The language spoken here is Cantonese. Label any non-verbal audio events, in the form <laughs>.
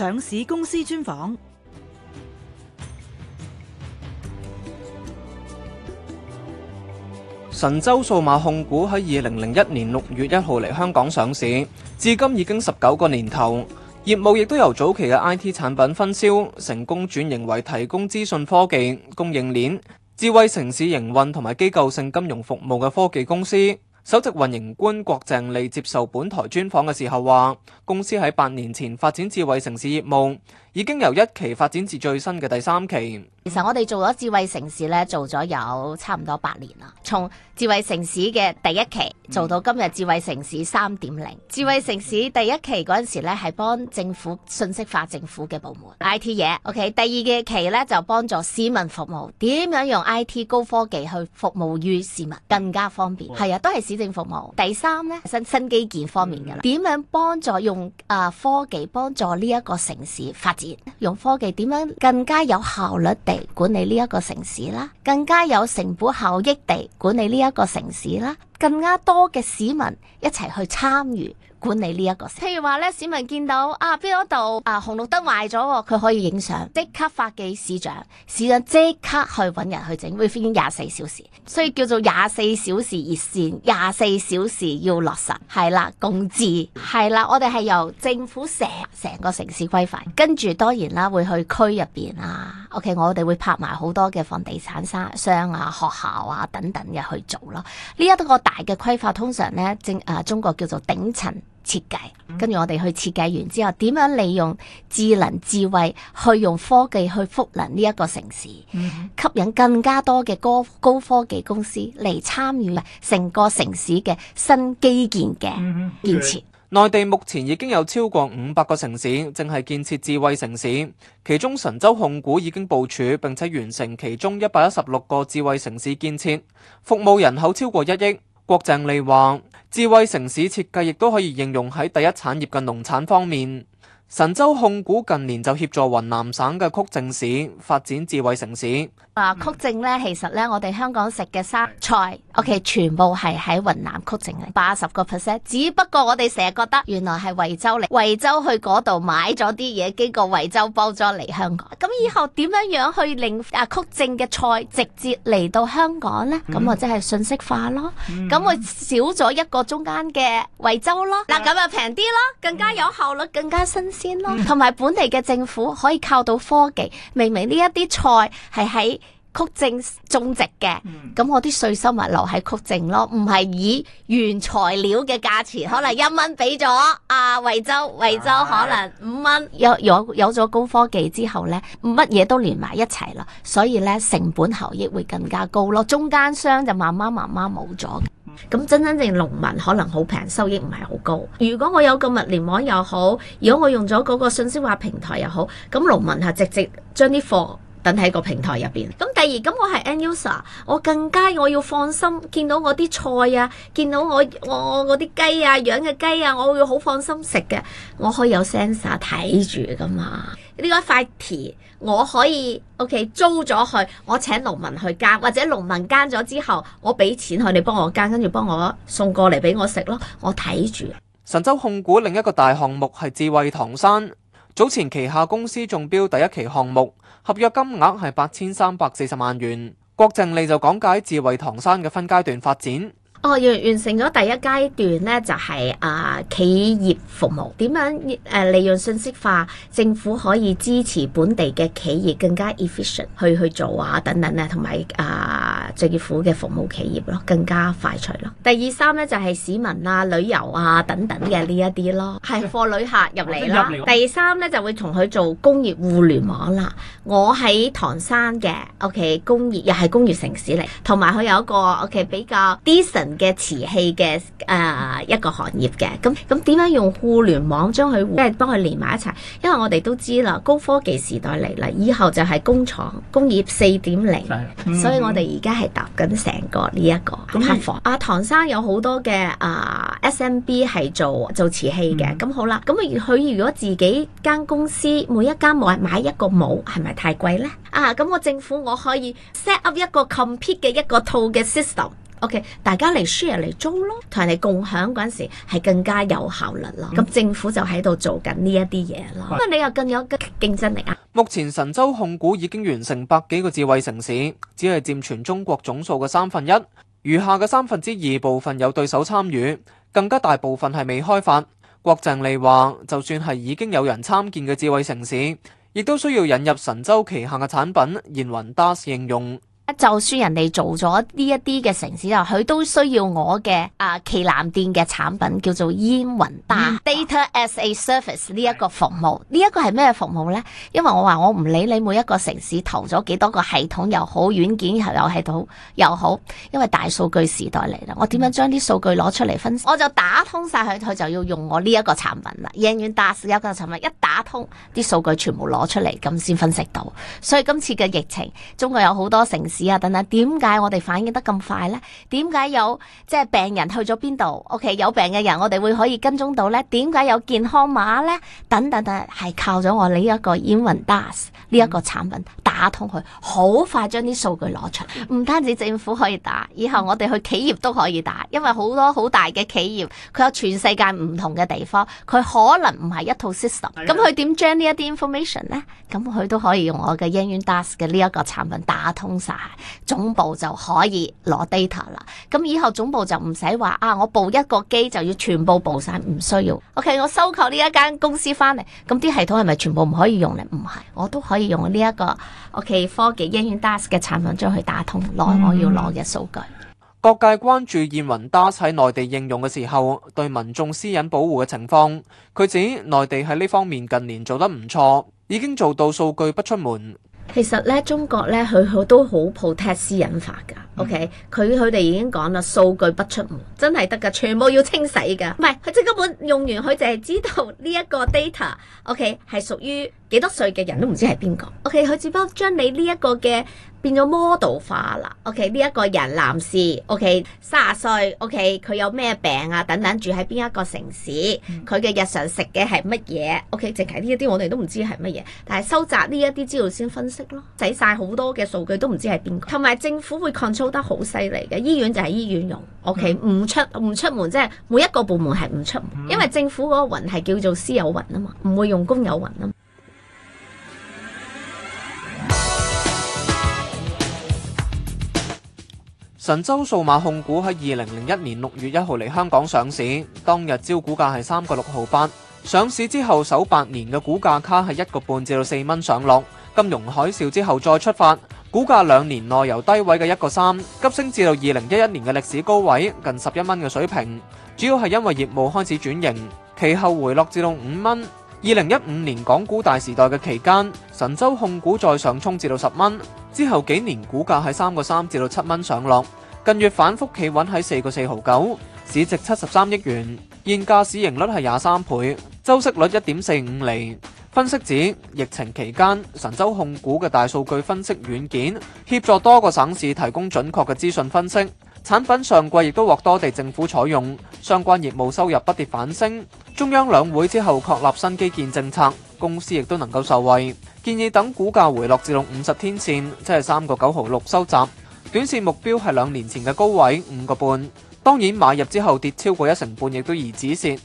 上市公司專訪。神州數碼控股喺二零零一年六月一號嚟香港上市，至今已經十九個年頭，業務亦都由早期嘅 IT 產品分銷，成功轉型為提供資訊科技、供應鏈、智慧城市營運同埋機構性金融服務嘅科技公司。首席運營官郭鄭俐接受本台專訪嘅時候話，公司喺八年前發展智慧城市業務。已經由一期發展至最新嘅第三期。其實我哋做咗智慧城市咧，做咗有差唔多八年啦。從智慧城市嘅第一期做到今日智慧城市三點零。嗯、智慧城市第一期嗰陣時咧，係幫政府信息化政府嘅部門 I T 嘢。嗯、IT, OK，第二嘅期咧就幫助市民服務，點樣用 I T 高科技去服務於市民，更加方便。係、嗯、啊，都係市政服務。第三咧，新新基建方面嘅啦，點、嗯、樣幫助用啊、呃、科技幫助呢一個城市發。用科技點樣更加有效率地管理呢一個城市啦，更加有成本效益地管理呢一個城市啦，更加多嘅市民一齊去參與。管理呢一個，譬如話咧，市民見到啊邊度啊紅綠燈壞咗，佢可以影相，即刻發寄市長，市長即刻去揾人去整，會翻緊廿四小時，所以叫做廿四小時熱線，廿四小時要落實，係啦，共治係啦，我哋係由政府成成個城市規範，跟住當然啦，會去區入邊啊。OK，我哋會拍埋好多嘅房地產商、商啊、學校啊等等嘅去做咯。呢、這、一個大嘅規劃通常呢，政啊中國叫做頂層設計，跟住我哋去設計完之後，點樣利用智能智慧去用科技去賦能呢一個城市，mm hmm. 吸引更加多嘅高高科技公司嚟參與成個城市嘅新基建嘅建設。Mm hmm. okay. 內地目前已經有超過五百個城市正係建設智慧城市，其中神州控股已經部署並且完成其中一百一十六個智慧城市建設，服務人口超過一億。郭鄭俐話：智慧城市設計亦都可以應用喺第一產業嘅農產方面。神州控股近年就協助雲南省嘅曲靖市發展智慧城市。啊！曲靖呢，其實呢，我哋香港食嘅生菜的，OK，全部係喺雲南曲靖嚟，八十個 percent。只不過我哋成日覺得原來係惠州嚟，惠州去嗰度買咗啲嘢，經過惠州包咗嚟香港。咁以後點樣樣去令啊曲靖嘅菜直接嚟到香港呢？咁或者係信息化咯，咁咪、嗯、少咗一個中間嘅惠州咯。嗱、嗯，咁啊平啲咯，更加有效率，更加新鮮咯，同埋、嗯、 <laughs> 本地嘅政府可以靠到科技。明明呢一啲菜係喺曲靖種植嘅，咁我啲稅收物流喺曲靖咯，唔係以原材料嘅價錢，可能一蚊俾咗啊惠州，惠州可能五蚊。有有有咗高科技之後呢，乜嘢都連埋一齊咯，所以呢成本效益會更加高咯，中間商就慢慢慢慢冇咗。咁真真正農民可能好平，收益唔係好高。如果我有個物聯網又好，如果我用咗嗰個信息化平台又好，咁農民係直接將啲貨。等喺個平台入邊。咁第二，咁我係 end user，我更加我要放心，見到我啲菜啊，見到我我我啲雞啊，養嘅雞啊，我會好放心食嘅。我可以有 sensor 睇住噶嘛？呢、呢個、一塊田，我可以 OK 租咗去，我請農民去耕，或者農民耕咗之後，我俾錢佢，你幫我耕，跟住幫我送過嚟俾我食咯。我睇住。神州控股另一個大項目係智慧唐山。早前旗下公司中標第一期項目，合約金額係八千三百四十萬元。郭鄭俐就講解智慧唐山嘅分階段發展。哦，完完成咗第一階段咧，就係、是、啊企業服務，點樣誒、啊、利用信息化，政府可以支持本地嘅企業更加 efficient 去去做啊等等咧，同埋啊。最苦嘅服務企業咯，更加快脆咯。第二三呢就係市民啊、旅遊啊等等嘅呢一啲咯，係放旅客入嚟啦。第三呢就會同佢做工業互聯網啦。我喺唐山嘅，OK 工業又係工業城市嚟，同埋佢有一個 OK 比較 decent 嘅瓷器嘅誒、uh, 一個行業嘅。咁咁點樣用互聯網將佢即係幫佢連埋一齊？因為我哋都知啦，高科技時代嚟啦，以後就係工廠工業四點零，所以我哋而家。係搭緊成個呢、這、一個客房。阿、嗯啊、唐生有好多嘅啊、uh, SMB 係做做瓷器嘅。咁、嗯、好啦，咁佢如果自己間公司每一間買買一個帽，係咪太貴呢？啊，咁我政府我可以 set up 一個 complete 嘅一個套嘅 system。O.K. 大家嚟 share 嚟租咯，同人哋共享嗰陣時係更加有效率啦。咁政府就喺度做緊呢一啲嘢咯。咁啊的，你又更有競爭力啊？目前神州控股已經完成百幾個智慧城市，只係佔全中國總數嘅三分一，餘下嘅三分之二部分有對手參與，更加大部分係未開發。郭鄭俐話，就算係已經有人參建嘅智慧城市，亦都需要引入神州旗下嘅產品燕雲 DaaS 應用。就算人哋做咗呢一啲嘅城市，又佢都需要我嘅啊旗艦店嘅產品叫做燕雲達 data as a service 呢一個服務呢，這、一個係咩服務咧？因為我話我唔理你每一個城市投咗幾多個系統又好，軟件又系統又好，因為大數據時代嚟啦，我點樣將啲數據攞出嚟分析？嗯、我就打通晒佢，佢就要用我呢一個產品啦。燕雲達一個產品一打通，啲數據全部攞出嚟咁先分析到。所以今次嘅疫情，中國有好多城市。啊、就是 okay，等等，點解我哋反應得咁快咧？點解有即係病人去咗邊度？OK，有病嘅人我哋會可以跟蹤到咧？點解有健康碼咧？等等等係靠咗我呢一個燕雲 DaaS 呢一個產品。嗯打通佢，好快將啲數據攞出嚟。唔單止政府可以打，以後我哋去企業都可以打，因為好多好大嘅企業，佢有全世界唔同嘅地方，佢可能唔係一套 system。咁佢點將呢一啲 information 呢？咁佢都可以用我嘅燕雲 DaaS 嘅呢一個產品打通晒，總部就可以攞 data 啦。咁以後總部就唔使話啊，我部一個機就要全部部晒，唔需要。OK，我收購呢一間公司翻嚟，咁啲系統係咪全部唔可以用咧？唔係，我都可以用呢一個。我企、okay，科技英雲 Dash 嘅產品將佢打通攞我要攞嘅數據。 <noise> 各界關注燕雲 Dash 喺內地應用嘅時候，對民眾私隱保護嘅情況，佢指內地喺呢方面近年做得唔錯，已經做到數據不出門。其實咧，中國咧，佢佢都好 protect 私隱化噶，OK？佢佢哋已經講啦，數據不出門，真係得噶，全部要清洗噶，唔係佢即係根本用完，佢淨係知道呢一個 data，OK？、Okay? 係屬於幾多歲嘅人都唔知係邊個，OK？佢只不過將你呢一個嘅。變咗 model 化啦，OK 呢一個人男士，OK 三十歲，OK 佢有咩病啊等等，住喺邊一個城市，佢嘅日常食嘅係乜嘢，OK 淨係呢一啲我哋都唔知係乜嘢，但係收集呢一啲資料先分析咯，使晒好多嘅數據都唔知係邊個，同埋政府會 control 得好犀利嘅，醫院就係醫院用，OK 唔出唔出門即係、就是、每一個部門係唔出門，因為政府嗰個雲係叫做私有雲啊嘛，唔會用公有雲啊。神州數碼控股喺二零零一年六月一號嚟香港上市，當日招股價係三個六毫八。上市之後首八年嘅股價卡喺一個半至到四蚊上落。金融海嘯之後再出發，股價兩年內由低位嘅一個三急升至到二零一一年嘅歷史高位近十一蚊嘅水平，主要係因為業務開始轉型。其後回落至到五蚊。二零一五年港股大時代嘅期間，神州控股再上衝至到十蚊，之後幾年股價喺三個三至到七蚊上落，近月反覆企穩喺四個四毫九，市值七十三億元，現價市盈率係廿三倍，周息率一點四五厘。分析指疫情期間，神州控股嘅大數據分析軟件協助多個省市提供準確嘅資訊分析產品，上季亦都獲多地政府採用，相關業務收入不跌反升。中央兩會之後確立新基建政策，公司亦都能夠受惠。建議等股價回落至到五十天線，即係三個九毫六收集，短線目標係兩年前嘅高位五個半。當然買入之後跌超過一成半亦都宜止蝕。